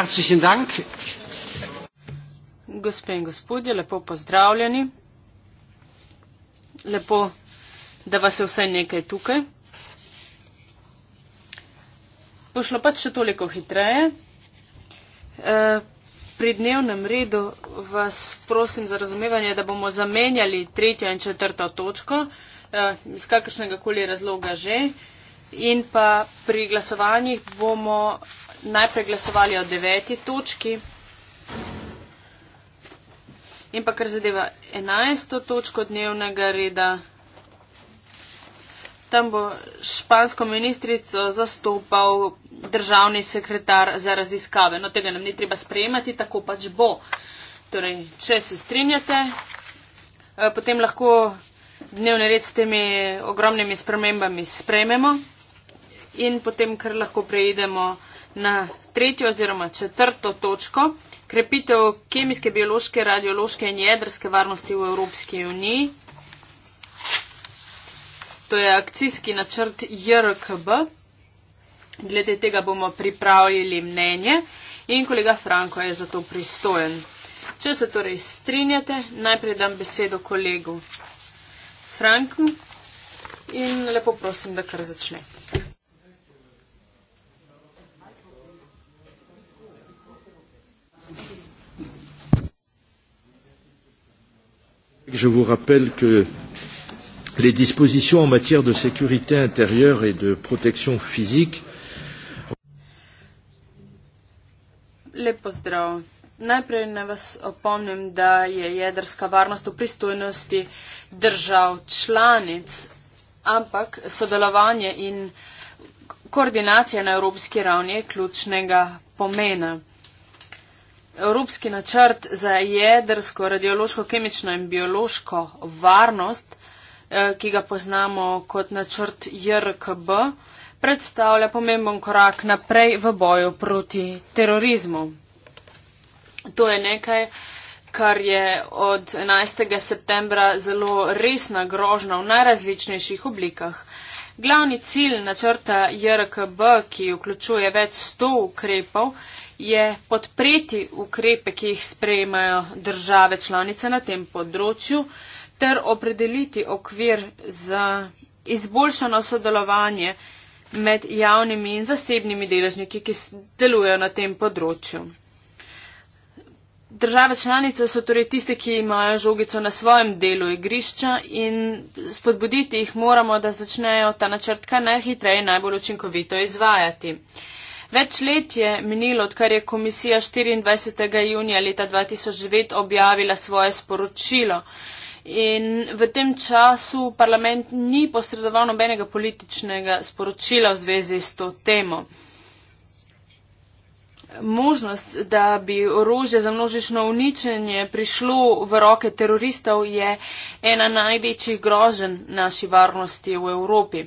Herzlichen Dank. Gospe in gospodje, lepo pozdravljeni. Lepo, da vas je vse nekaj tukaj. Pošlo pač še toliko hitreje. E, pri dnevnem redu vas prosim za razumevanje, da bomo zamenjali tretjo in četrto točko, e, iz kakršnega koli razloga že. E, In pa pri glasovanjih bomo najprej glasovali o deveti točki. In pa kar zadeva enajsto točko dnevnega reda, tam bo špansko ministrico zastopal državni sekretar za raziskave. No, tega nam ni treba sprejemati, tako pač bo. Torej, če se strinjate, eh, potem lahko dnevni red s temi ogromnimi spremembami sprejmemo in potem kar lahko prejdemo na tretjo oziroma četrto točko. Krepitev kemijske, biološke, radiološke in jedrske varnosti v Evropski uniji. To je akcijski načrt JRKB. Glede tega bomo pripravili mnenje in kolega Franko je za to pristojen. Če se torej strinjate, najprej dam besedo kolegu Franku in lepo prosim, da kar začne. je vous rappelle que les dispositions en matière de sécurité intérieure et de protection physique. Najprej ne vas opomnim, da je jedrska varnost v pristojnosti držav članic, ampak sodelovanje in koordinacija na evropski ravni je ključnega pomena. Evropski načrt za jedrsko, radiološko, kemično in biološko varnost, eh, ki ga poznamo kot načrt JRKB, predstavlja pomemben korak naprej v boju proti terorizmu. To je nekaj, kar je od 11. septembra zelo resna grožna v najrazličnejših oblikah. Glavni cilj načrta JRKB, ki vključuje več sto ukrepov, je podpreti ukrepe, ki jih sprejmajo države članice na tem področju, ter opredeliti okvir za izboljšano sodelovanje med javnimi in zasebnimi deležniki, ki delujejo na tem področju. Države članice so torej tiste, ki imajo žogico na svojem delu igrišča in spodbuditi jih moramo, da začnejo ta načrt kar najhitreje in najbolj učinkovito izvajati. Več let je minilo, odkar je komisija 24. junija leta 2009 objavila svoje sporočilo. In v tem času parlament ni posredoval nobenega političnega sporočila v zvezi s to temo. Možnost, da bi orožje za množično uničenje prišlo v roke teroristov, je ena največjih grožen naši varnosti v Evropi.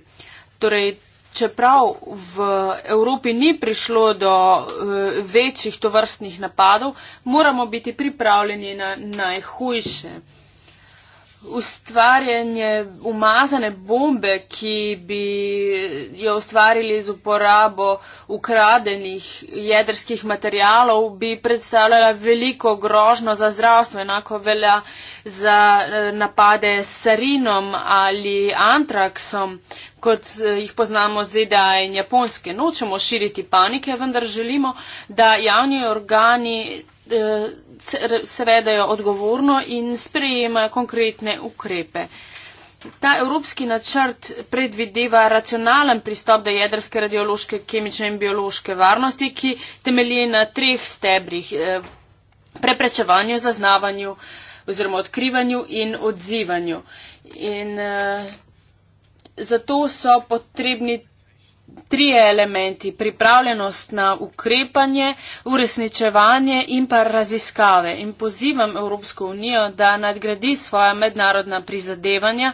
Torej, čeprav v Evropi ni prišlo do eh, večjih tovrstnih napadov, moramo biti pripravljeni na najhujše. Ustvarjanje umazane bombe, ki bi jo ustvarili z uporabo ukradenih jedrskih materijalov, bi predstavljala veliko grožno za zdravstvo, enako velja za eh, napade s sarinom ali antraksom, kot jih poznamo ZDA in Japonske. Nočemo širiti panike, vendar želimo, da javni organi eh, se vedajo odgovorno in sprejemajo konkretne ukrepe. Ta evropski načrt predvideva racionalen pristop do jedrske radiološke, kemične in biološke varnosti, ki temelji na treh stebrih eh, – preprečevanju, zaznavanju oziroma odkrivanju in odzivanju. In, eh, zato so potrebni trije elementi - pripravljenost na ukrepanje, uresničevanje in pa raziskave. In pozivam Evropsko unijo, da nadgradi svoja mednarodna prizadevanja,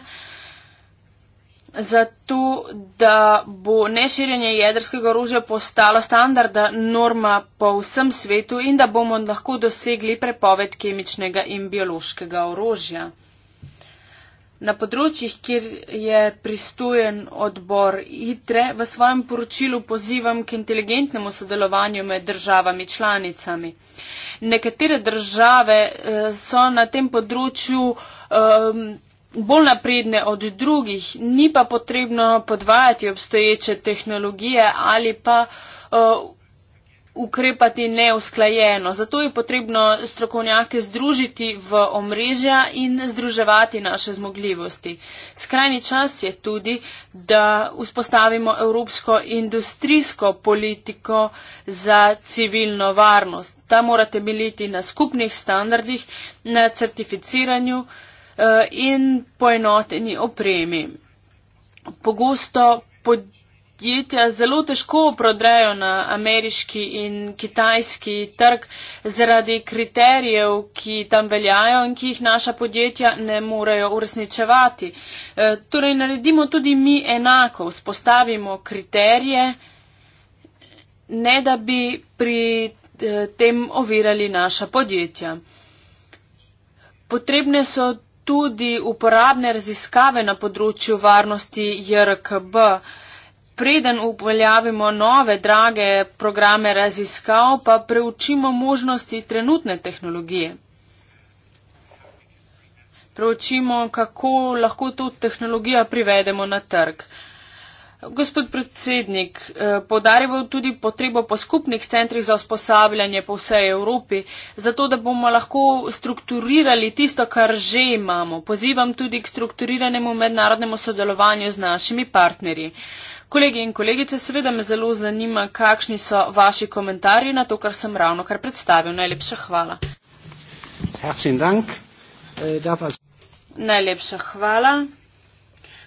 zato da bo neširjenje jedrskega orožja postalo standarda norma po vsem svetu in da bomo lahko dosegli prepoved kemičnega in biološkega orožja. Na področjih, kjer je pristojen odbor ITRE, v svojem poročilu pozivam k inteligentnemu sodelovanju med državami članicami. Nekatere države eh, so na tem področju um, bolj napredne od drugih, ni pa potrebno podvajati obstoječe tehnologije ali pa uh, ukrepati neusklajeno. Zato je potrebno strokovnjake združiti v omrežja in združevati naše zmogljivosti. Skrajni čas je tudi, da vzpostavimo evropsko industrijsko politiko za civilno varnost. Ta morate biti na skupnih standardih, na certificiranju eh, in poenoteni opremi. Pogosto pod podjetja zelo težko prodrejo na ameriški in kitajski trg zaradi kriterijev, ki tam veljajo in ki jih naša podjetja ne morejo uresničevati. E, torej, naredimo tudi mi enako, vzpostavimo kriterije, ne da bi pri e, tem ovirali naša podjetja. Potrebne so tudi uporabne raziskave na področju varnosti JRKB preden uveljavimo nove drage programe raziskav, pa preučimo možnosti trenutne tehnologije. Preučimo, kako lahko to tehnologijo privedemo na trg. Gospod predsednik, eh, podarjamo tudi potrebo po skupnih centrih za usposabljanje po vsej Evropi, zato da bomo lahko strukturirali tisto, kar že imamo. Pozivam tudi k strukturiranemu mednarodnemu sodelovanju z našimi partnerji. Kolegi in kolegice, seveda me zelo zanima, kakšni so vaši komentarji na to, kar sem ravno kar predstavil. Najlepša hvala. Äh, Najlepša hvala.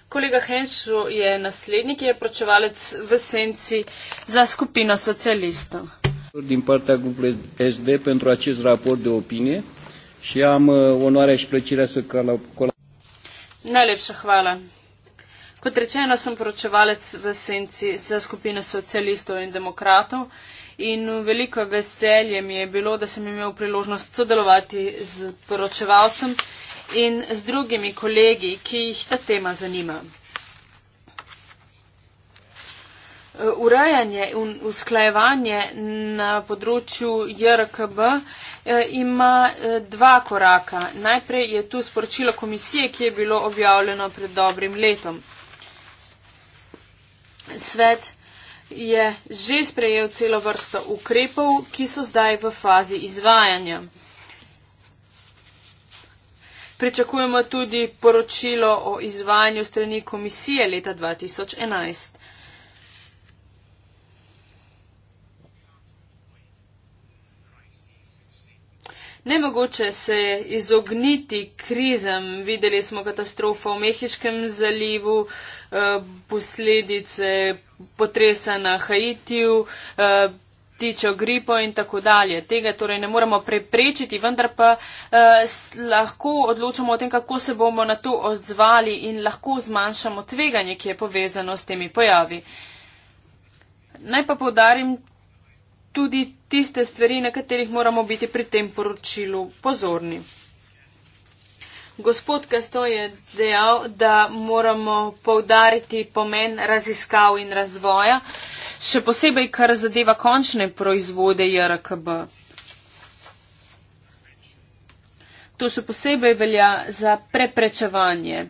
Kolega Henšu je naslednik, je pročevalec v senci za skupino socialistov. Din partea grupului SD pentru acest raport de opinie și am uh, onoarea și plăcerea să colaborez. Nelepsă, hvala. Kot rečeno, sem poročevalec v senci za skupino socialistov in demokratov in veliko veselje mi je bilo, da sem imel priložnost sodelovati z poročevalcem in z drugimi kolegi, ki jih ta tema zanima. Urejanje in usklajevanje na področju JRKB eh, ima eh, dva koraka. Najprej je tu sporočilo komisije, ki je bilo objavljeno pred dobrim letom. Svet je že sprejel celo vrsto ukrepov, ki so zdaj v fazi izvajanja. Pričakujemo tudi poročilo o izvajanju strani komisije leta 2011. Nemogoče se je izogniti krizam. Videli smo katastrofo v Mehiškem zalivu, eh, posledice potresa na Haitiju, eh, tičo gripo in tako dalje. Tega torej ne moremo preprečiti, vendar pa eh, lahko odločamo o tem, kako se bomo na to odzvali in lahko zmanjšamo tveganje, ki je povezano s temi pojavi. Naj pa povdarim tudi tiste stvari, na katerih moramo biti pri tem poročilu pozorni. Gospod Kasto je dejal, da moramo povdariti pomen raziskav in razvoja, še posebej, kar zadeva končne proizvode JRKB. To še posebej velja za preprečevanje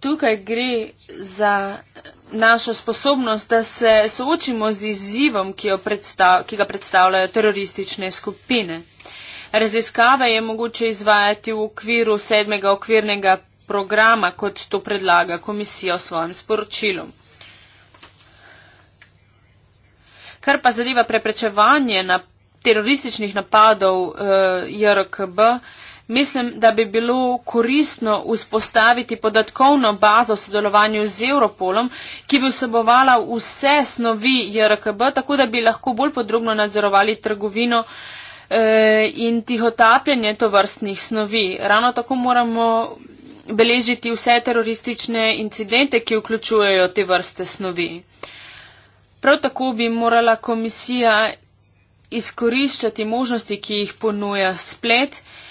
tukaj gre za našo sposobnost, da se soočimo z izzivom, ki, predstav, ki ga predstavljajo teroristične skupine. Raziskave je mogoče izvajati v okviru sedmega okvirnega programa, kot to predlaga komisija v svojem sporočilu. Kar pa zadeva preprečevanje na terorističnih napadov eh, JRKB, eh, Mislim, da bi bilo koristno vzpostaviti podatkovno bazo v sodelovanju z Europolom, ki bi vsebovala vse snovi JRKB, tako da bi lahko bolj podrobno nadzorovali trgovino eh, in tihotapljanje tovrstnih snovi. Ravno tako moramo beležiti vse teroristične incidente, ki vključujejo te vrste snovi. Prav tako bi morala komisija izkoriščati možnosti, ki jih ponuja splet, eh,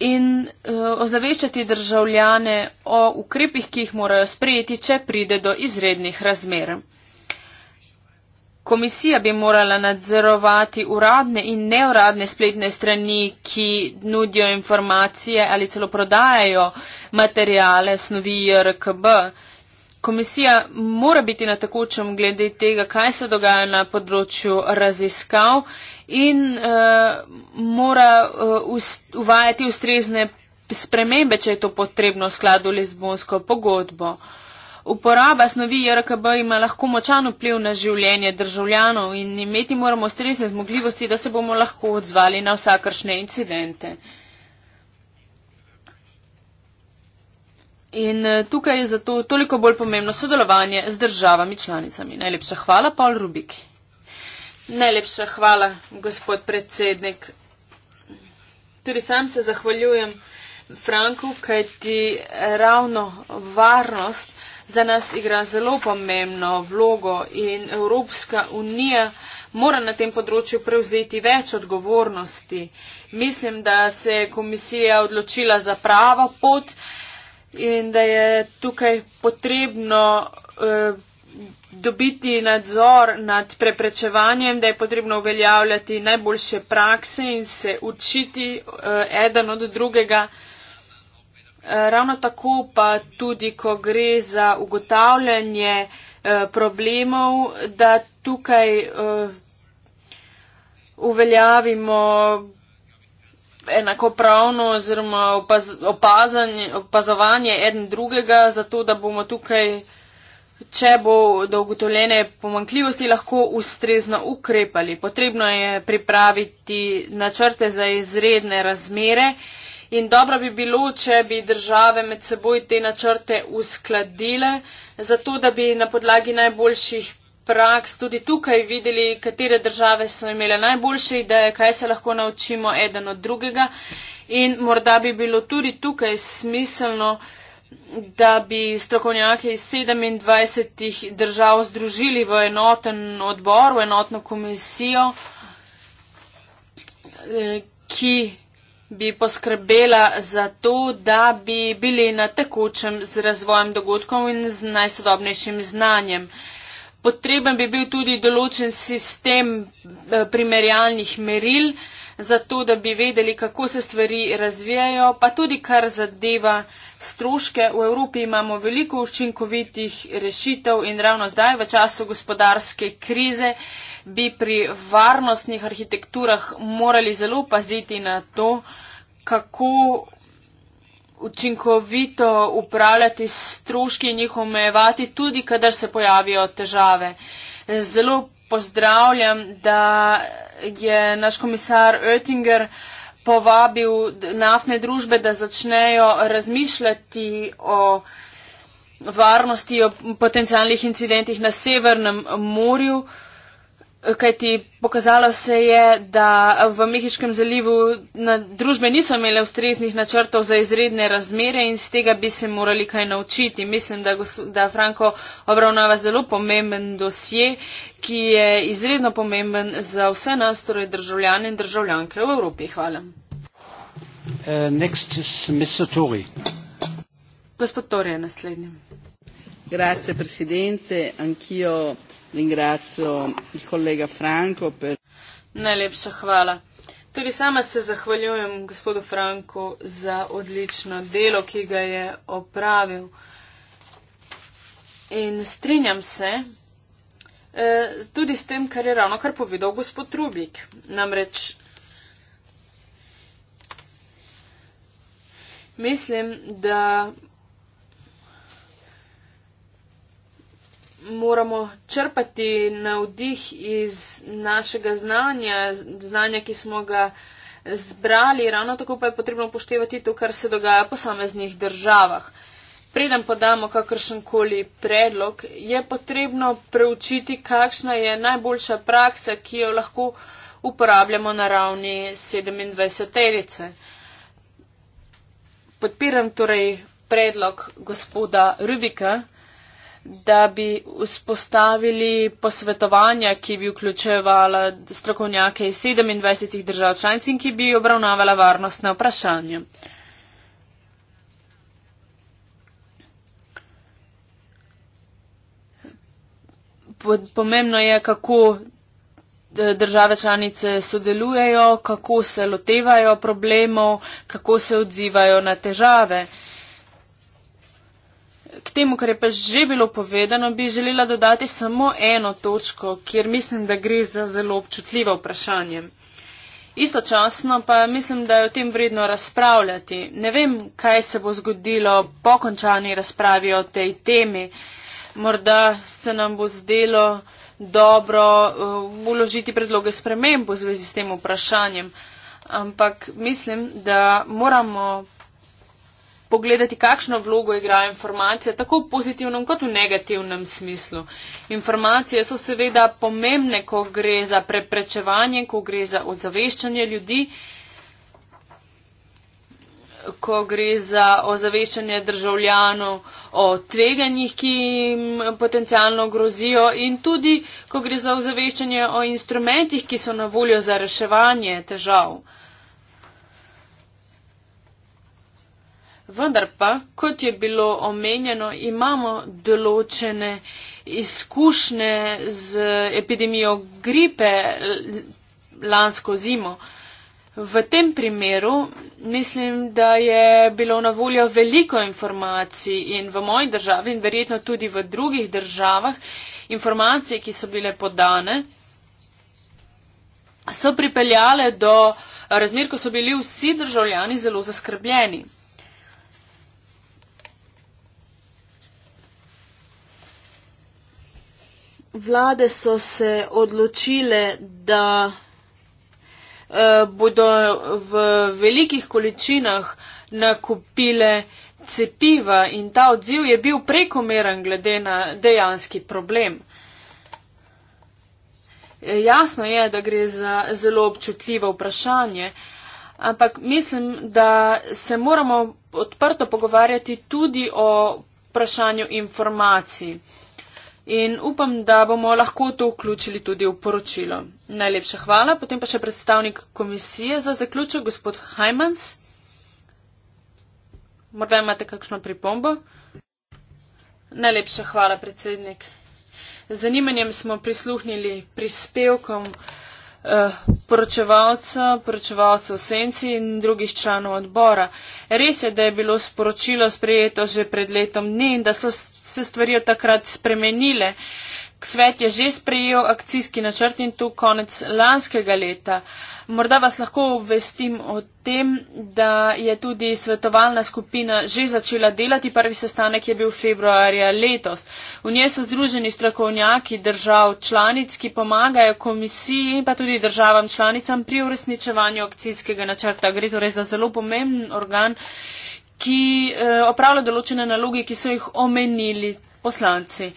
in uh, ozaveščati državljane o ukrepih, ki jih morajo sprejeti, če pride do izrednih razmer. Komisija bi morala nadzorovati uradne in neuradne spletne strani, ki nudijo informacije ali celo prodajajo materijale snovi JRKB. Uh, komisija mora biti na takočem glede tega, kaj se dogaja na področju raziskav in uh, mora uh, uvajati ustrezne spremembe, če je to potrebno v skladu Lizbonsko pogodbo. Uporaba snovi JRKB ima lahko močan vpliv na življenje državljanov in imeti moramo ustrezne zmogljivosti, da se bomo lahko odzvali na vsakršne incidente. In eh, tukaj je zato toliko bolj pomembno sodelovanje z državami članicami. Najlepša hvala, Paul Rubik. Najlepša hvala, gospod predsednik. Tudi sam se zahvaljujem Franku, kajti ravno varnost za nas igra zelo pomembno vlogo in Evropska unija mora na tem področju prevzeti več odgovornosti. Mislim, da se je komisija odločila za pravo pot in da je tukaj potrebno eh, dobiti nadzor nad preprečevanjem, da je potrebno uveljavljati najboljše prakse in se učiti eh, eden od drugega. Eh, ravno tako pa tudi, ko gre za ugotavljanje eh, problemov, da tukaj eh, uveljavimo enakopravno oziroma opaz, opazanje, opazovanje eden drugega, zato da bomo tukaj, če bo dogotovljene pomankljivosti, lahko ustrezno ukrepali. Potrebno je pripraviti načrte za izredne razmere in dobro bi bilo, če bi države med seboj te načrte uskladile, zato da bi na podlagi najboljših praks tudi tukaj videli, katere države so imele najboljše ideje, kaj se lahko naučimo eden od drugega. In morda bi bilo tudi tukaj smiselno, da bi strokovnjake iz 27 držav združili v enoten odbor, v enotno komisijo, eh, ki bi poskrbela za to, da bi bili na tekočem z razvojem dogodkov in z najsodobnejšim znanjem. Potreben bi bil tudi določen sistem eh, primerjalnih meril, zato da bi vedeli, kako se stvari razvijajo, pa tudi kar zadeva stroške. V Evropi imamo veliko učinkovitih rešitev in ravno zdaj, v času gospodarske krize, bi pri varnostnih arhitekturah morali zelo paziti na to, kako učinkovito upravljati stroški in jih omejevati, tudi kadar se pojavijo težave. Zelo pozdravljam, da je naš komisar Oettinger povabil naftne družbe, da začnejo razmišljati o varnosti, o potencialnih incidentih na Severnem morju kajti pokazalo se je, da v Mehiškem zalivu družbe niso imele ustreznih načrtov za izredne razmere in z tega bi se morali kaj naučiti. Mislim, da, da Franko obravnava zelo pomemben dosje, ki je izredno pomemben za vse nas, torej državljane in državljanke v Evropi. Hvala. Uh, Gospod Tore je naslednji. Grazie, presidente. Anch'io Ringrazio il collega Franco per. Najlepša hvala. Tudi sama se zahvaljujem gospodu Franku za odlično delo, ki ga je opravil. In strinjam se eh, tudi s tem, kar je ravno kar povedal gospod Rubik. Namreč mislim, da moramo črpati navdih iz našega znanja, znanja, ki smo ga zbrali, ravno tako pa je potrebno upoštevati to, kar se dogaja po samiznih državah. Preden podamo kakršenkoli predlog, je potrebno preučiti, kakšna je najboljša praksa, ki jo lahko uporabljamo na ravni 27-erice. Podpiram torej predlog gospoda Rubika da bi vzpostavili posvetovanja, ki bi vključevala strokovnjake iz 27 držav članic in ki bi obravnavala varnostne vprašanja. Pomembno je, kako države članice sodelujejo, kako se lotevajo problemov, kako se odzivajo na težave k temu, kar je pa že bilo povedano, bi želela dodati samo eno točko, kjer mislim, da gre za zelo občutljivo vprašanje. Istočasno pa mislim, da je o tem vredno razpravljati. Ne vem, kaj se bo zgodilo po končani razpravi o tej temi. Morda se nam bo zdelo dobro uložiti uh, predloge spremembo v zvezi s tem vprašanjem. Ampak mislim, da moramo pogledati, kakšno vlogo igra informacija, tako v pozitivnem kot v negativnem smislu. Informacije so seveda pomembne, ko gre za preprečevanje, ko gre za ozaveščanje ljudi, ko gre za ozaveščanje državljanov o tveganjih, ki jim potencialno grozijo in tudi, ko gre za ozaveščanje o instrumentih, ki so na voljo za reševanje težav. Vendar pa, kot je bilo omenjeno, imamo določene izkušnje z epidemijo gripe lansko zimo. V tem primeru mislim, da je bilo na voljo veliko informacij in v moji državi in verjetno tudi v drugih državah informacije, ki so bile podane, so pripeljale do razmer, ko so bili vsi državljani zelo zaskrbljeni. vlade so se odločile, da eh, bodo v velikih količinah nakupile cepiva in ta odziv je bil prekomeren glede na dejanski problem. Eh, jasno je, da gre za zelo občutljivo vprašanje, ampak mislim, da se moramo odprto pogovarjati tudi o vprašanju informacij in upam, da bomo lahko to vključili tudi v poročilo. Najlepša hvala. Potem pa še predstavnik komisije za zaključek, gospod Hajmans. Morda imate kakšno pripombo? Najlepša hvala, predsednik. Z zanimanjem smo prisluhnili prispevkom. Uh, poročevalca, poročevalca v senci in drugih članov odbora. Res je, da je bilo sporočilo sprejeto že pred letom dni in da so se stvari od takrat spremenile. Uh, Svet je že sprejel akcijski načrt in to konec lanskega leta. Morda vas lahko obvestim o tem, da je tudi svetovalna skupina že začela delati. Prvi sestanek je bil februarja letos. V njej so združeni strokovnjaki držav članic, ki pomagajo komisiji in pa tudi državam članicam pri uresničevanju akcijskega načrta. Gre torej za zelo pomemben organ, ki eh, opravlja določene naloge, ki so jih omenili poslanci.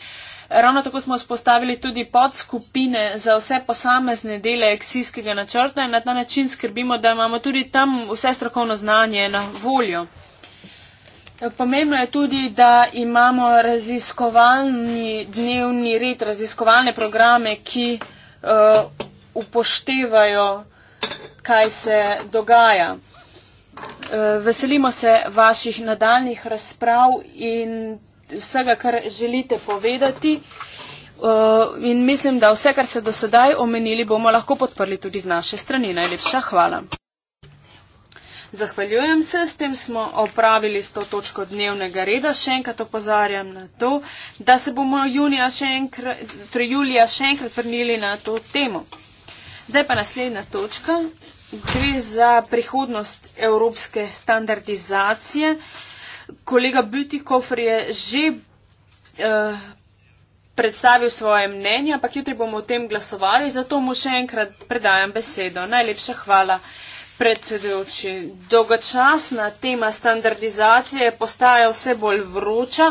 Ravno tako smo spostavili tudi podskupine za vse posamezne dele eksijskega načrta in na ta način skrbimo, da imamo tudi tam vse strokovno znanje na voljo. Pomembno je tudi, da imamo raziskovalni dnevni red, raziskovalne programe, ki uh, upoštevajo, kaj se dogaja. Uh, veselimo se vaših nadaljnih razprav in vsega, kar želite povedati. Uh, in mislim, da vse, kar se do sedaj omenili, bomo lahko podprli tudi z naše strani. Najlepša hvala. Zahvaljujem se, s tem smo opravili s to točko dnevnega reda. Še enkrat opozarjam na to, da se bomo junija še enkrat, torej julija še enkrat vrnili na to temo. Zdaj pa naslednja točka. Gre za prihodnost evropske standardizacije kolega Bütikov je že uh, predstavil svoje mnenje, ampak jutri bomo o tem glasovali, zato mu še enkrat predajam besedo. Najlepša hvala. Predsedujoči, dolgočasna tema standardizacije postaja vse bolj vroča.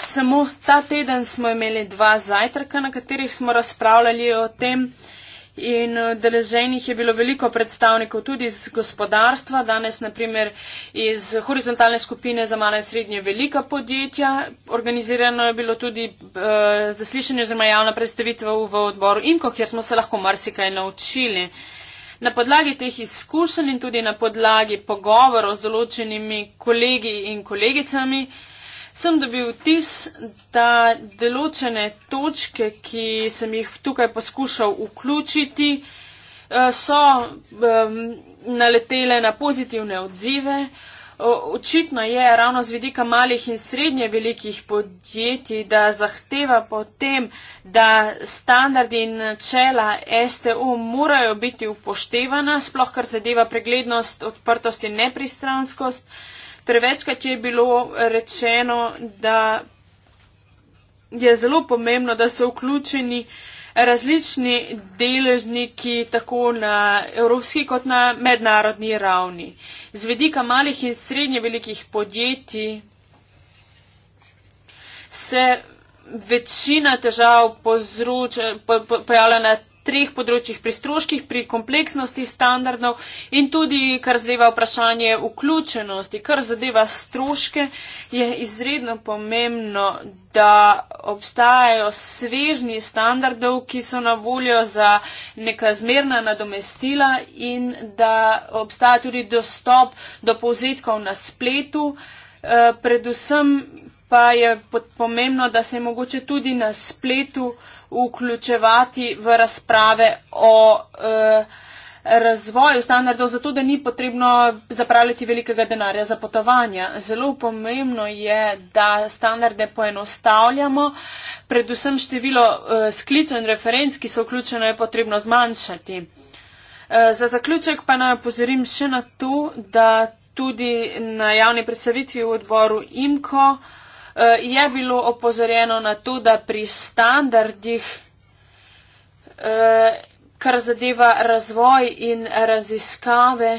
Samo ta teden smo imeli dva zajtrka, na katerih smo razpravljali o tem, uh, In eh, deleženih je bilo veliko predstavnikov tudi iz gospodarstva, danes naprimer iz horizontalne skupine za mala in srednje velika podjetja. Organizirano je bilo tudi uh, zaslišanje oziroma javna predstavitev v odboru Inko, kjer smo se lahko marsikaj naučili. Na podlagi teh izkušenj in tudi na podlagi pogovorov z določenimi kolegi in kolegicami uh, sem dobil vtis, da določene točke, ki sem jih tukaj poskušal vključiti, eh, so um, naletele na pozitivne odzive. Očitno je ravno z vidika malih in srednje velikih podjetij, da zahteva potem, da standardi in načela STO morajo biti upoštevana, sploh kar zadeva preglednost, odprtost in nepristranskost. Uh, Prevečkrat je bilo rečeno, da je zelo pomembno, da so vključeni različni deležniki tako na evropski kot na mednarodni ravni. Z vedika malih in srednje velikih podjetij se večina težav pojavlja po, po, na treh področjih, pri stroških, pri kompleksnosti standardov in tudi, kar zadeva vprašanje vključenosti, kar zadeva stroške, je izredno pomembno, da obstajajo svežni standardov, ki so na voljo za neka zmerna nadomestila in da obstaja tudi dostop do povzetkov na spletu. Eh, predvsem pa je pomembno, da se mogoče tudi na spletu uh, vključevati v razprave o eh, razvoju standardov, zato da ni potrebno zapravljati velikega denarja za potovanja. Zelo pomembno je, da standarde poenostavljamo, predvsem število eh, sklicov in referenc, ki so vključene, je potrebno zmanjšati. Eh, za zaključek pa naj opozorim še na to, da tudi na javni predstavitvi v odboru IMKO uh, Eh, je bilo opozorjeno na to, da pri standardih, eh, kar zadeva razvoj in raziskave,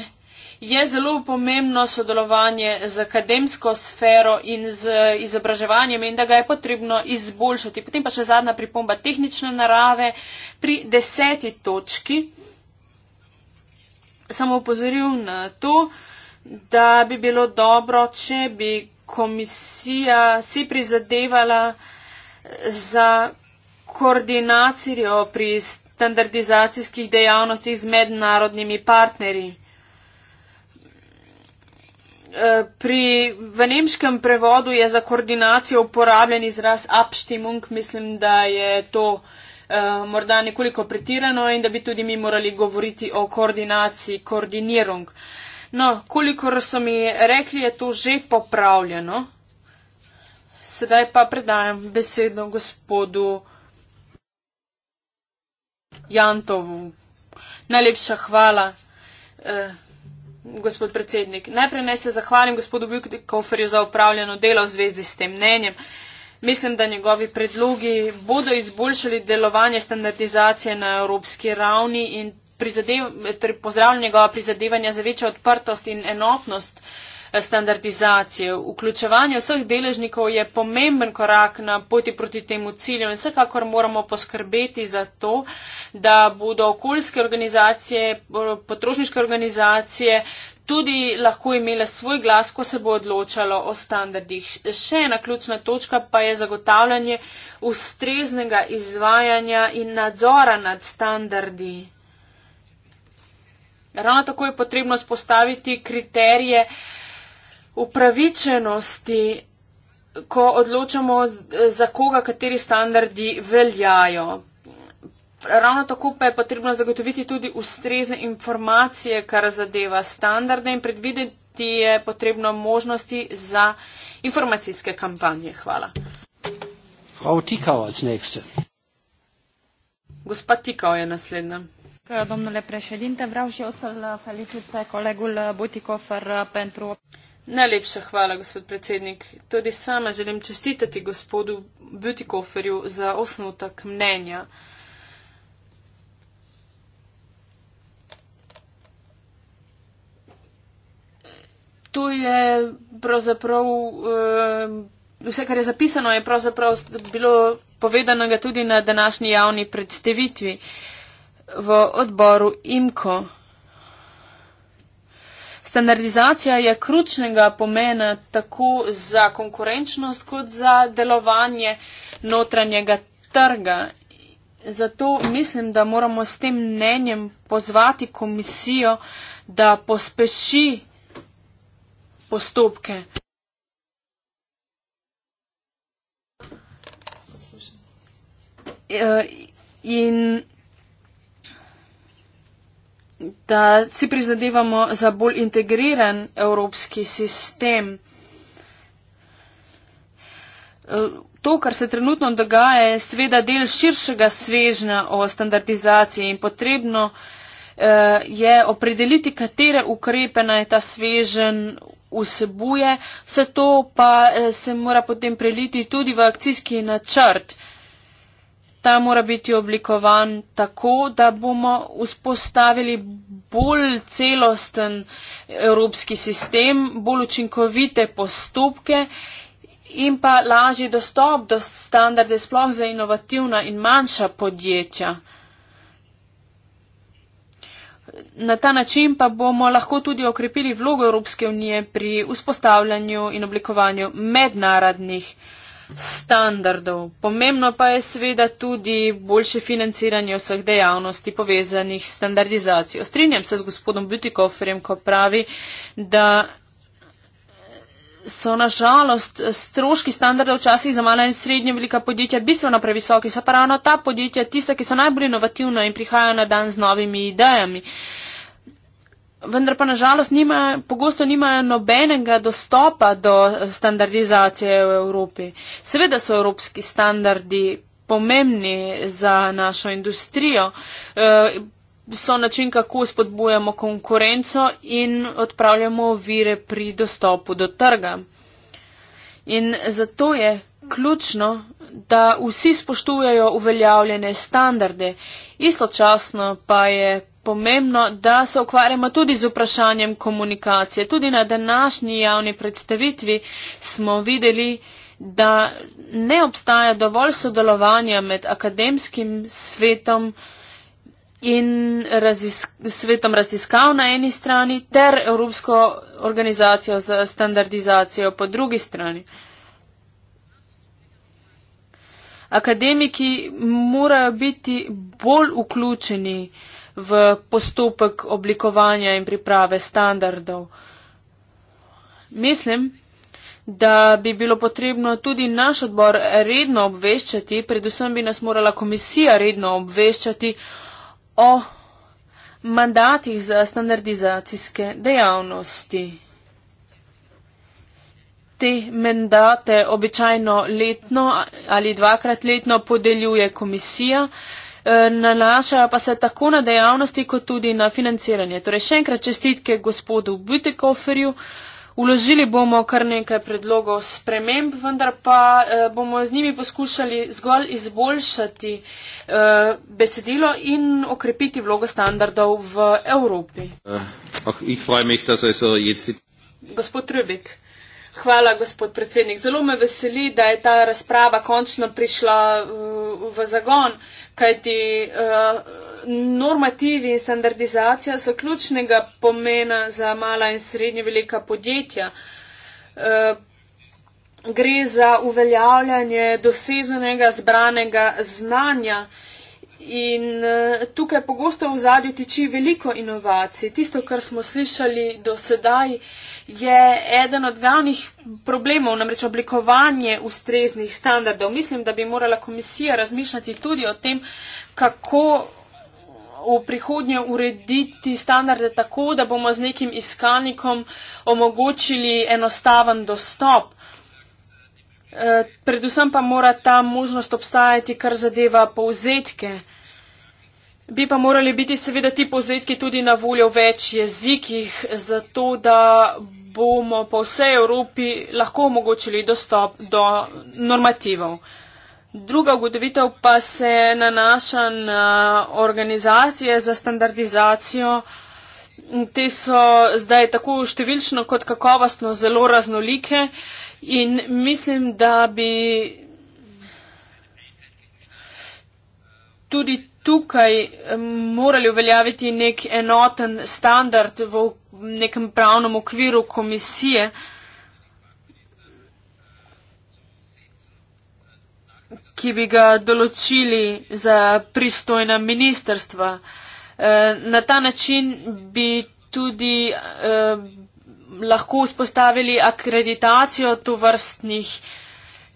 je zelo pomembno sodelovanje z akademsko sfero in z izobraževanjem in da ga je potrebno izboljšati. Potem pa še zadnja pripomba tehnične narave pri deseti točki. Samo upozoril na to, da bi bilo dobro, če bi komisija si prizadevala za koordinacijo pri standardizacijskih dejavnostih z mednarodnimi partnerji. E, pri, v nemškem prevodu je za koordinacijo uporabljen izraz abstimung, mislim, da je to eh, morda nekoliko pretirano in da bi tudi mi morali govoriti o koordinaciji, koordinirung. Eh, No, kolikor so mi rekli, je to že popravljeno. Sedaj pa predajam besedo gospodu Jantovu. Najlepša hvala, eh, gospod predsednik. Najprej naj se zahvalim gospodu Bukoferju za upravljeno delo v zvezi s tem mnenjem. Mislim, da njegovi predlogi bodo izboljšali delovanje standardizacije na evropski ravni in Torej pozdravljam njegova prizadevanja za večjo odprtost in enotnost eh, standardizacije. Vključevanje vseh deležnikov je pomemben korak na poti proti temu cilju in vsekakor moramo poskrbeti za to, da bodo okoljske organizacije, potrošniške organizacije tudi lahko imele svoj glas, ko se bo odločalo o standardih. Še ena ključna točka pa je zagotavljanje ustreznega izvajanja in nadzora nad standardi. Ravno tako je potrebno spostaviti kriterije upravičenosti, ko odločamo, za koga kateri standardi veljajo. Ravno tako pa je potrebno zagotoviti tudi ustrezne informacije, kar zadeva standarde in predvideti je potrebno možnosti za informacijske kampanje. Hvala. Frau Tikau als nächste. Gospa Tikau je naslednja domnule președinte, vreau și eu să-l felicit pe colegul Buticofer pentru... Najlepša hvala, gospod predsednik. Tudi sama želim čestitati gospodu Butikoferju za osnutek mnenja. To je pravzaprav, eh, vse, kar je zapisano, je pravzaprav bilo povedano tudi na današnji javni predstavitvi v odboru IMKO. Standardizacija je kručnega pomena tako za konkurenčnost kot za delovanje notranjega trga. Zato mislim, da moramo s tem mnenjem pozvati komisijo, da pospeši postopke. E, in da si prizadevamo za bolj integriran evropski sistem. To, kar se trenutno dogaja, je sveda del širšega svežnja o standardizaciji in potrebno eh, je opredeliti, katere ukrepe naj ta svežen vsebuje, vse to pa eh, se mora potem preliti tudi v akcijski načrt. Ta mora biti oblikovan tako, da bomo vzpostavili bolj celosten evropski sistem, bolj učinkovite postopke in pa lažji dostop do standarde sploh za inovativna in manjša podjetja. Na ta način pa bomo lahko tudi okrepili vlogo Evropske unije pri vzpostavljanju in oblikovanju mednarodnih standardov. Pomembno pa je seveda tudi boljše financiranje vseh dejavnosti povezanih s standardizacijo. Strinjam se z gospodom Butikoferjem, ko pravi, da so nažalost stroški standardov včasih za mala in srednje velika podjetja bistveno previsoki, so pa ravno ta podjetja tista, ki so najbolj inovativna in prihajajo na dan z novimi idejami. Uh, vendar pa nažalost nima, pogosto nimajo nobenega dostopa do standardizacije v Evropi. Seveda so evropski standardi pomembni za našo industrijo, eh, so način, kako spodbujamo konkurenco in odpravljamo vire pri dostopu do trga. In zato je ključno, da vsi spoštujejo uveljavljene standarde, istočasno pa je pomembno, da se ukvarjamo tudi z vprašanjem komunikacije. Tudi na današnji javni predstavitvi smo videli, da ne obstaja dovolj sodelovanja med akademskim svetom in razis svetom raziskav na eni strani ter Evropsko organizacijo za standardizacijo po drugi strani. Akademiki morajo biti bolj vključeni uh, v postopek oblikovanja in priprave standardov. Mislim, da bi bilo potrebno tudi naš odbor redno obveščati, predvsem bi nas morala komisija redno obveščati o mandatih za standardizacijske dejavnosti. Te mandate običajno letno ali dvakrat letno podeljuje komisija. Eh, nanaša pa se tako na dejavnosti, kot tudi na financiranje. Torej, še enkrat čestitke gospodu Butikoferju. Uložili bomo kar nekaj predlogov sprememb, vendar pa eh, bomo z njimi poskušali zgolj izboljšati eh, besedilo in okrepiti vlogo standardov v Evropi. Uh, eh, ach, mich, er Gospod Trubik. Hvala, gospod predsednik. Zelo me veseli, da je ta razprava končno prišla v, v zagon, kajti uh, normativi in standardizacija so ključnega pomena za mala in srednje velika podjetja. Uh, gre za uveljavljanje doseženega zbranega znanja. Uh, In e, tukaj pogosto v zadju tiči veliko inovacij. Tisto, kar smo slišali do sedaj, je eden od glavnih problemov, namreč oblikovanje ustreznih standardov. Mislim, da bi morala komisija razmišljati tudi o tem, kako v prihodnje urediti standarde tako, da bomo z nekim iskalnikom omogočili enostaven dostop. E, predvsem pa mora ta možnost obstajati, kar zadeva povzetke. Bi pa morali biti seveda ti povzetki tudi na voljo v več jezikih, zato da bomo po vsej Evropi lahko omogočili dostop do normativov. Druga ugotovitev pa se nanaša na organizacije za standardizacijo. Te so zdaj tako številčno kot kakovostno zelo raznolike in mislim, da bi tudi tukaj morali uveljaviti nek enoten standard v nekem pravnem okviru komisije, ki bi ga določili za pristojna ministerstva. E, na ta način bi tudi eh, lahko vzpostavili akreditacijo tovrstnih eh,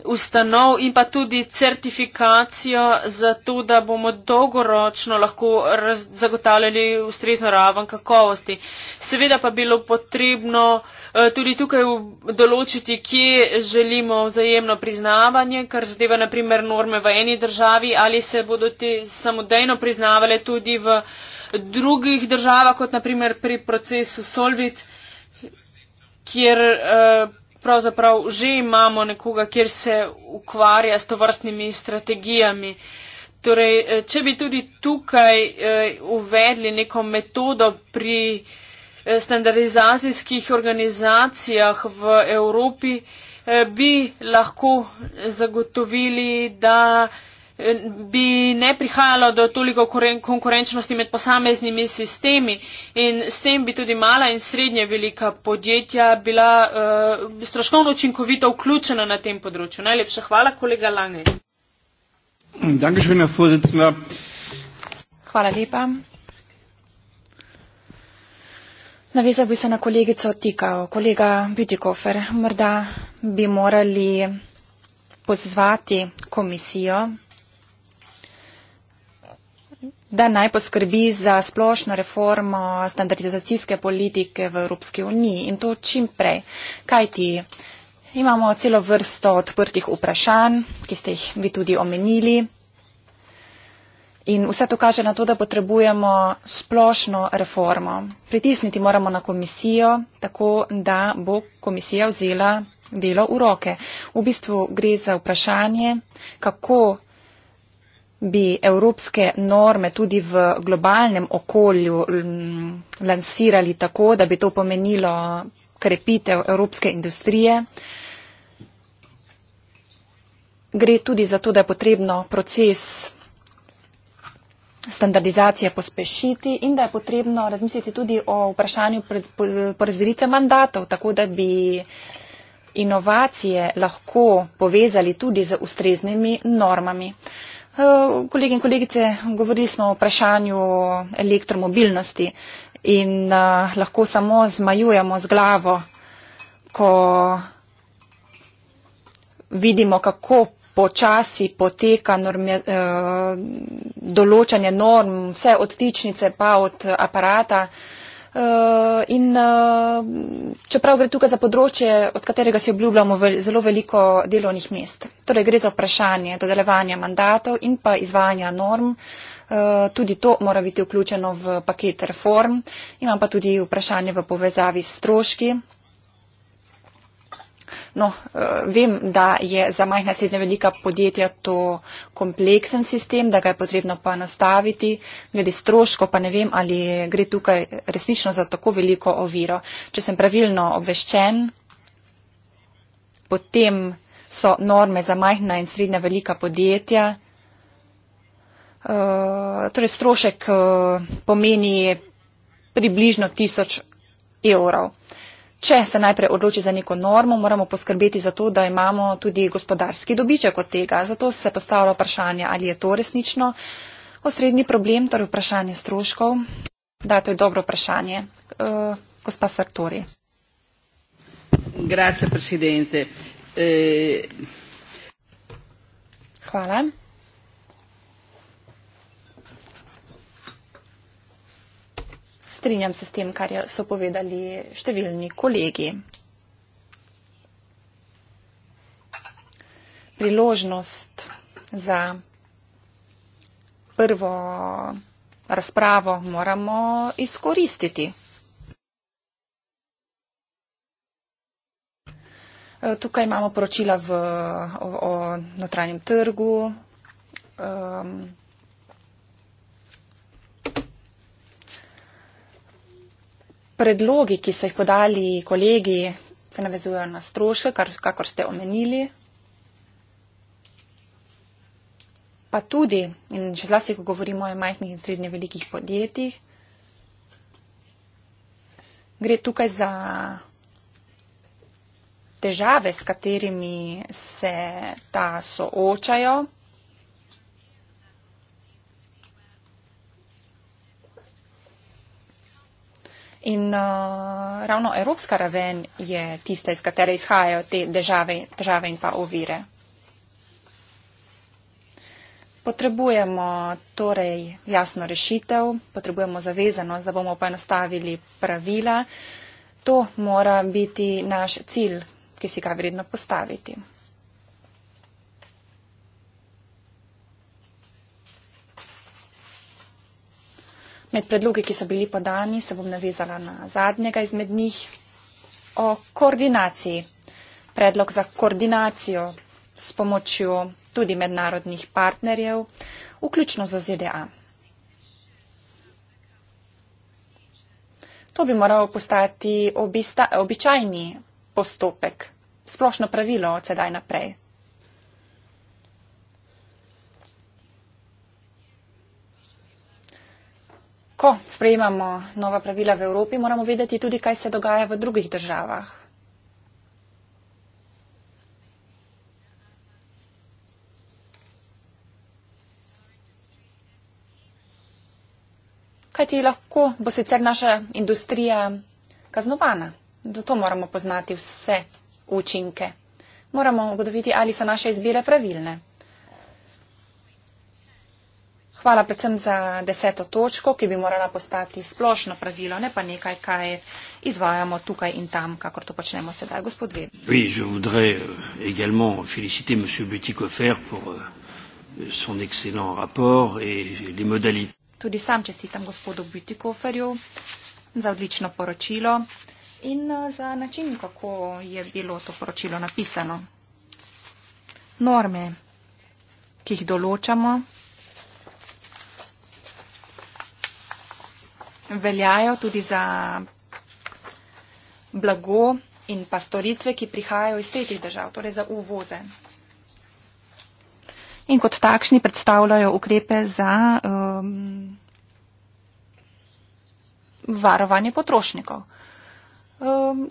ustanov in pa tudi certifikacijo za to, da bomo dolgoročno lahko zagotavljali ustrezno raven kakovosti. Seveda pa bilo potrebno eh, tudi tukaj določiti, kje želimo vzajemno priznavanje, kar zadeva naprimer norme v eni državi, ali se bodo te samodejno priznavale tudi v drugih državah, kot naprimer pri procesu Solvit, kjer uh, pravzaprav že imamo nekoga, kjer se ukvarja s tovrstnimi strategijami. Torej, eh, če bi tudi tukaj eh, uvedli neko metodo pri eh, standardizacijskih organizacijah v Evropi, bi lahko zagotovili, da bi ne prihajalo do toliko konkurenčnosti med posameznimi sistemi in s tem bi tudi mala in srednje velika podjetja bila uh, stroškovno učinkovito vključena na tem področju. Najlepša hvala, kolega Lange. Hvala lepa. Navezal bi se na kolegico Tikao, kolega Bütikofer. Morda bi morali pozvati komisijo, da naj poskrbi za splošno reformo standardizacijske politike v Evropski uniji in to čim prej. Kaj ti? Imamo celo vrsto odprtih vprašanj, ki ste jih vi tudi omenili. In vse to kaže na to, da potrebujemo splošno reformo. Pritisniti moramo na komisijo, tako da bo komisija vzela delo v roke. V bistvu gre za vprašanje, kako bi evropske norme tudi v globalnem okolju mm, lansirali tako, da bi to pomenilo krepitev evropske industrije. Gre tudi za to, da je potrebno proces standardizacije pospešiti in da je potrebno razmisliti tudi o vprašanju porazdelitve mandatov, tako da bi inovacije lahko povezali tudi z ustreznimi normami. Eh, kolegi in kolegice, govorili smo o vprašanju elektromobilnosti in uh, lahko samo zmajujemo z glavo, ko vidimo, kako počasi poteka norm, uh, eh, določanje norm, vse od tičnice pa od aparata. Uh, Eh, in eh, čeprav gre tukaj za področje, od katerega si obljubljamo zelo veliko delovnih mest. Torej gre za vprašanje dodelevanja mandatov in pa izvajanja norm. Eh, tudi to mora biti vključeno v paket reform. Imam pa tudi vprašanje v povezavi s stroški, No, eh, vem, da je za majhna srednja velika podjetja to kompleksen sistem, da ga je potrebno pa nastaviti, glede stroško pa ne vem, ali gre tukaj resnično za tako veliko oviro. Če sem pravilno obveščen, potem so norme za majhna in srednja velika podjetja. Uh, torej strošek uh, pomeni približno tisoč evrov. Če se najprej odloči za neko normo, moramo poskrbeti za to, da imamo tudi gospodarski dobiček od tega. Zato se postavlja vprašanje, ali je to resnično osrednji problem, torej vprašanje stroškov. Da, to je dobro vprašanje. Uh, gospa Sartori. Grazie, eh... Hvala. strinjam se s tem, kar so povedali številni kolegi. Priložnost za prvo razpravo moramo izkoristiti. Eh, tukaj imamo poročila v, o, o notranjem trgu. Um, predlogi, ki so jih podali kolegi, se navezujejo na stroške, kar, kakor ste omenili. Pa tudi, in še zlasti, ko govorimo o majhnih in srednje velikih podjetjih, gre tukaj za težave, s katerimi se ta soočajo. In uh, ravno evropska raven je tista, iz katere izhajajo te države, države in pa ovire. Potrebujemo torej jasno rešitev, potrebujemo zavezano, da bomo poenostavili pravila. To mora biti naš cilj, ki si ga vredno postaviti. Med predlogi, ki so bili podani, se bom navezala na zadnjega izmed njih o koordinaciji. Predlog za koordinacijo s pomočjo tudi mednarodnih partnerjev, vključno za ZDA. To bi moral postati običajni postopek, splošno pravilo od sedaj naprej. ko sprejemamo nova pravila v Evropi, moramo vedeti tudi, kaj se dogaja v drugih državah. Kajti lahko bo sicer naša industrija kaznovana. Zato moramo poznati vse učinke. Moramo ugotoviti, ali so naše izbire pravilne. Hvala predvsem za deseto točko, ki bi morala postati splošno pravilo, ne pa nekaj, kaj izvajamo tukaj in tam, kakor to počnemo sedaj, gospod Vid. Euh, euh, Tudi sam čestitam gospodu Butikoferju za odlično poročilo in uh, za način, kako je bilo to poročilo napisano. Norme, ki jih določamo, veljajo tudi za blago in pa storitve, ki prihajajo iz tretjih držav, torej za uvoze. In kot takšni predstavljajo ukrepe za um, varovanje potrošnikov. Um,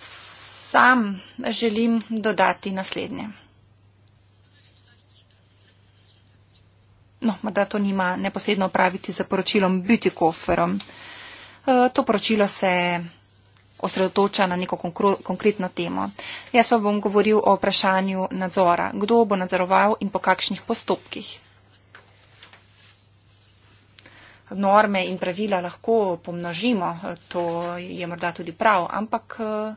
sam želim dodati naslednje. No, morda to nima neposredno praviti za poročilom Bütikoferom. Eh, to poročilo se osredotoča na neko konkretno temo. Jaz pa bom govoril o vprašanju nadzora. Kdo bo nadzoroval in po kakšnih postopkih? Norme in pravila lahko pomnožimo, eh, to je morda tudi prav, ampak eh,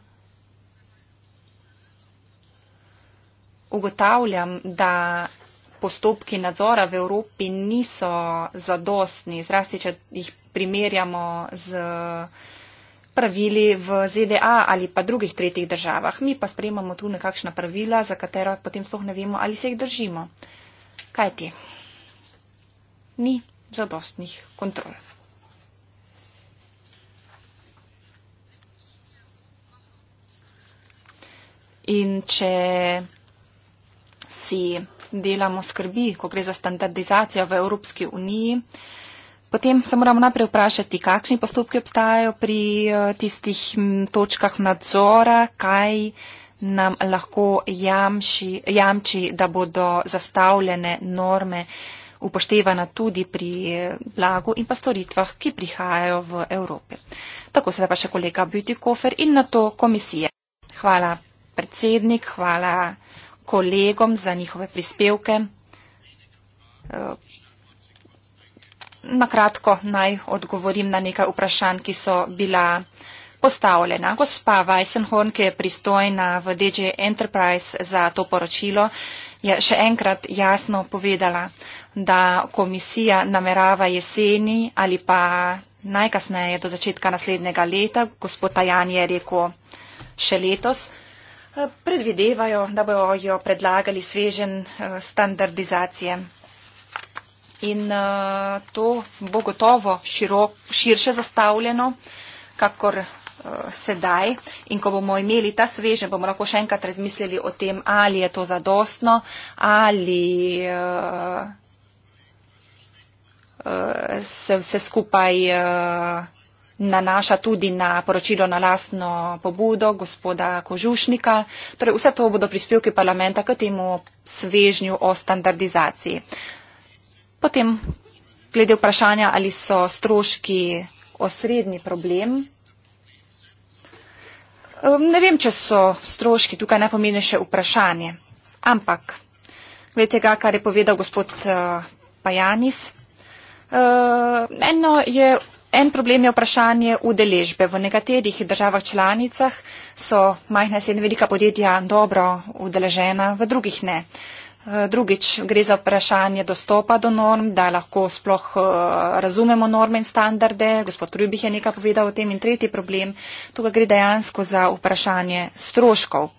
ugotavljam, da postopki nadzora v Evropi niso zadostni, zrasti, če jih primerjamo z pravili v ZDA ali pa drugih tretjih državah. Mi pa sprejemamo tu nekakšna pravila, za katera potem sploh ne vemo, ali se jih držimo. Kaj ti? Ni zadostnih kontrol. In če si delamo skrbi, ko gre za standardizacijo v Evropski uniji, Potem se moramo najprej vprašati, kakšni postopki obstajajo pri eh, tistih točkah nadzora, kaj nam lahko jamši, jamči, da bodo zastavljene norme upoštevana tudi pri eh, blagu in pa storitvah, ki prihajajo v Evropi. Tako se da pa še kolega Beauty Koffer in na to komisije. Hvala predsednik, hvala kolegom za njihove prispevke. Uh, na kratko naj odgovorim na nekaj vprašanj, ki so bila postavljena. Gospa Weissenhorn, ki je pristojna v DJ Enterprise za to poročilo, je še enkrat jasno povedala, da komisija namerava jeseni ali pa najkasneje do začetka naslednjega leta, gospod Tajan je rekel še letos, predvidevajo, da bojo predlagali svežen eh, standardizacije in uh, to bo gotovo širok, širše zastavljeno, kakor uh, sedaj. In ko bomo imeli ta sveže, bomo lahko še enkrat razmislili o tem, ali je to zadostno, ali uh, uh, se vse skupaj. Uh, nanaša tudi na poročilo na lastno pobudo gospoda Kožušnika. Torej, vse to bodo prispevki parlamenta k temu svežnju o standardizaciji. Uh, Potem glede vprašanja, ali so stroški osrednji problem. Ne vem, če so stroški tukaj najpomembnejše vprašanje, ampak glede tega, kar je povedal gospod eh, Pajanis, eh, eno je. En problem je vprašanje udeležbe. V nekaterih državah članicah so majhna in velika podjetja dobro udeležena, v drugih ne. Eh, drugič, gre za vprašanje dostopa do norm, da lahko sploh eh, razumemo norme in standarde. Gospod Rubih je nekaj povedal o tem. In tretji problem, tukaj gre dejansko za vprašanje stroškov.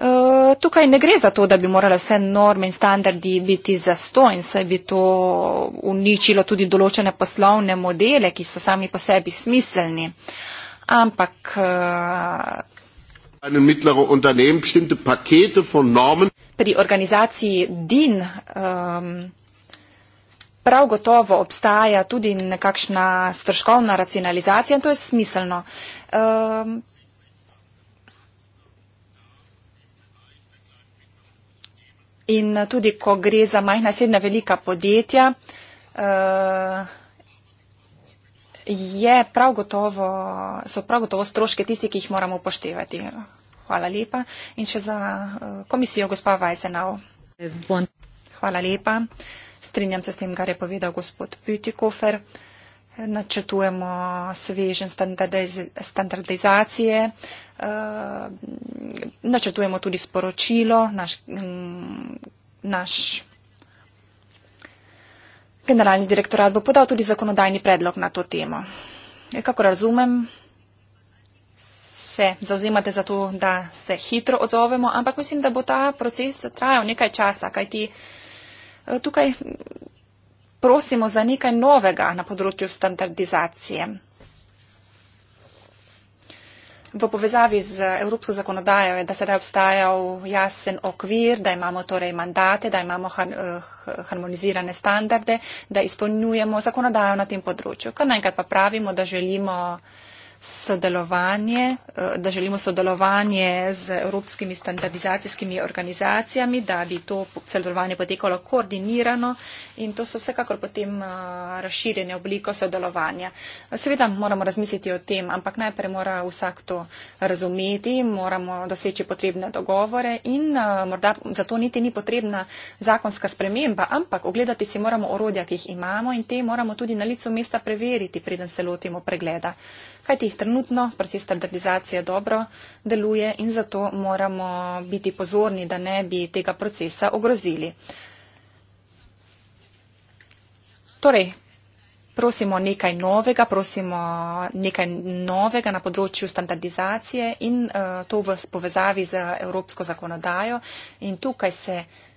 Eh, tukaj ne gre za to, da bi morale vse norme in standardi biti za sto in se bi to uničilo tudi določene poslovne modele, ki so sami po sebi smiselni. Ampak Pri organizaciji DIN um, prav gotovo obstaja tudi nekakšna stroškovna racionalizacija in to je smiselno. Um, in tudi, ko gre za majhna srednja velika podjetja, uh, je prav gotovo, so prav gotovo stroške tisti, ki jih moramo upoštevati. Hvala lepa. In še za eh, komisijo, gospa Vajsenau. Hvala lepa. Strinjam se s tem, kar je povedal gospod Pütikofer. Načrtujemo svežen standardizacije, eh, načrtujemo tudi sporočilo, naš, naš Generalni direktorat bo podal tudi zakonodajni predlog na to temo. Ja, Kako razumem, se zauzemate za to, da se hitro odzovemo, ampak mislim, da bo ta proces trajal nekaj časa, kajti eh, tukaj prosimo za nekaj novega na področju standardizacije. V povezavi z evropsko zakonodajo je, da sedaj obstaja jasen okvir, da imamo torej mandate, da imamo har, eh, harmonizirane standarde, da izpolnjujemo zakonodajo na tem področju. Kar naenkrat pa pravimo, da želimo sodelovanje, eh, da želimo sodelovanje z evropskimi standardizacijskimi organizacijami, da bi to sodelovanje potekalo koordinirano in to so vsekakor potem eh, razširjene obliko sodelovanja. Seveda moramo razmisliti o tem, ampak najprej mora vsak to razumeti, moramo doseči potrebne dogovore in eh, morda zato niti ni potrebna zakonska sprememba, ampak ogledati si moramo orodja, ki jih imamo in te moramo tudi na licu mesta preveriti, preden se lotimo pregleda kajti trenutno proces standardizacije dobro deluje in zato moramo biti pozorni, da ne bi tega procesa ogrozili. Torej, prosimo nekaj novega, prosimo nekaj novega na področju standardizacije in eh, to v povezavi z evropsko zakonodajo in tukaj se nekaj,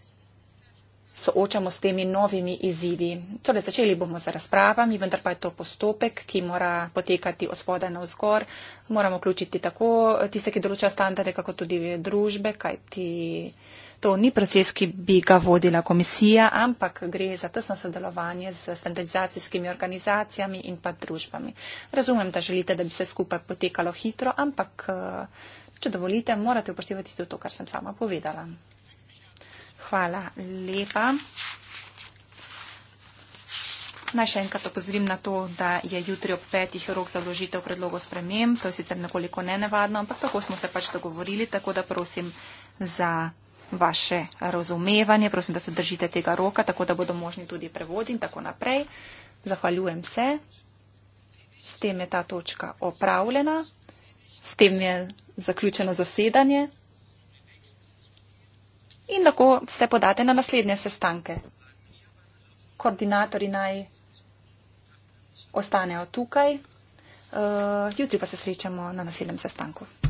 soočamo s temi novimi izzivi. Torej, začeli bomo z razpravami, vendar pa je to postopek, ki mora potekati od spoda na vzgor. Moramo vključiti tako tiste, ki določajo standarde, kako tudi družbe, kajti to ni proces, ki bi ga vodila komisija, ampak gre za tesno sodelovanje z standardizacijskimi organizacijami in pa družbami. Razumem, da želite, da bi se skupaj potekalo hitro, ampak eh, če dovolite, morate upoštevati tudi to, kar sem sama povedala. Hvala lepa. Naj še enkrat opozorim na to, da je jutri ob petih rok za vložitev predlogov sprememb. To je sicer nekoliko nenavadno, ampak tako smo se pač dogovorili, tako da prosim za vaše razumevanje, prosim, da se držite tega roka, tako da bodo možni tudi prevodi in tako naprej. Zahvaljujem se. S tem je ta točka opravljena. S tem je zaključeno zasedanje in lahko se podate na naslednje sestanke. Koordinatori naj ostanejo tukaj, uh, jutri pa se srečamo na naslednjem sestanku.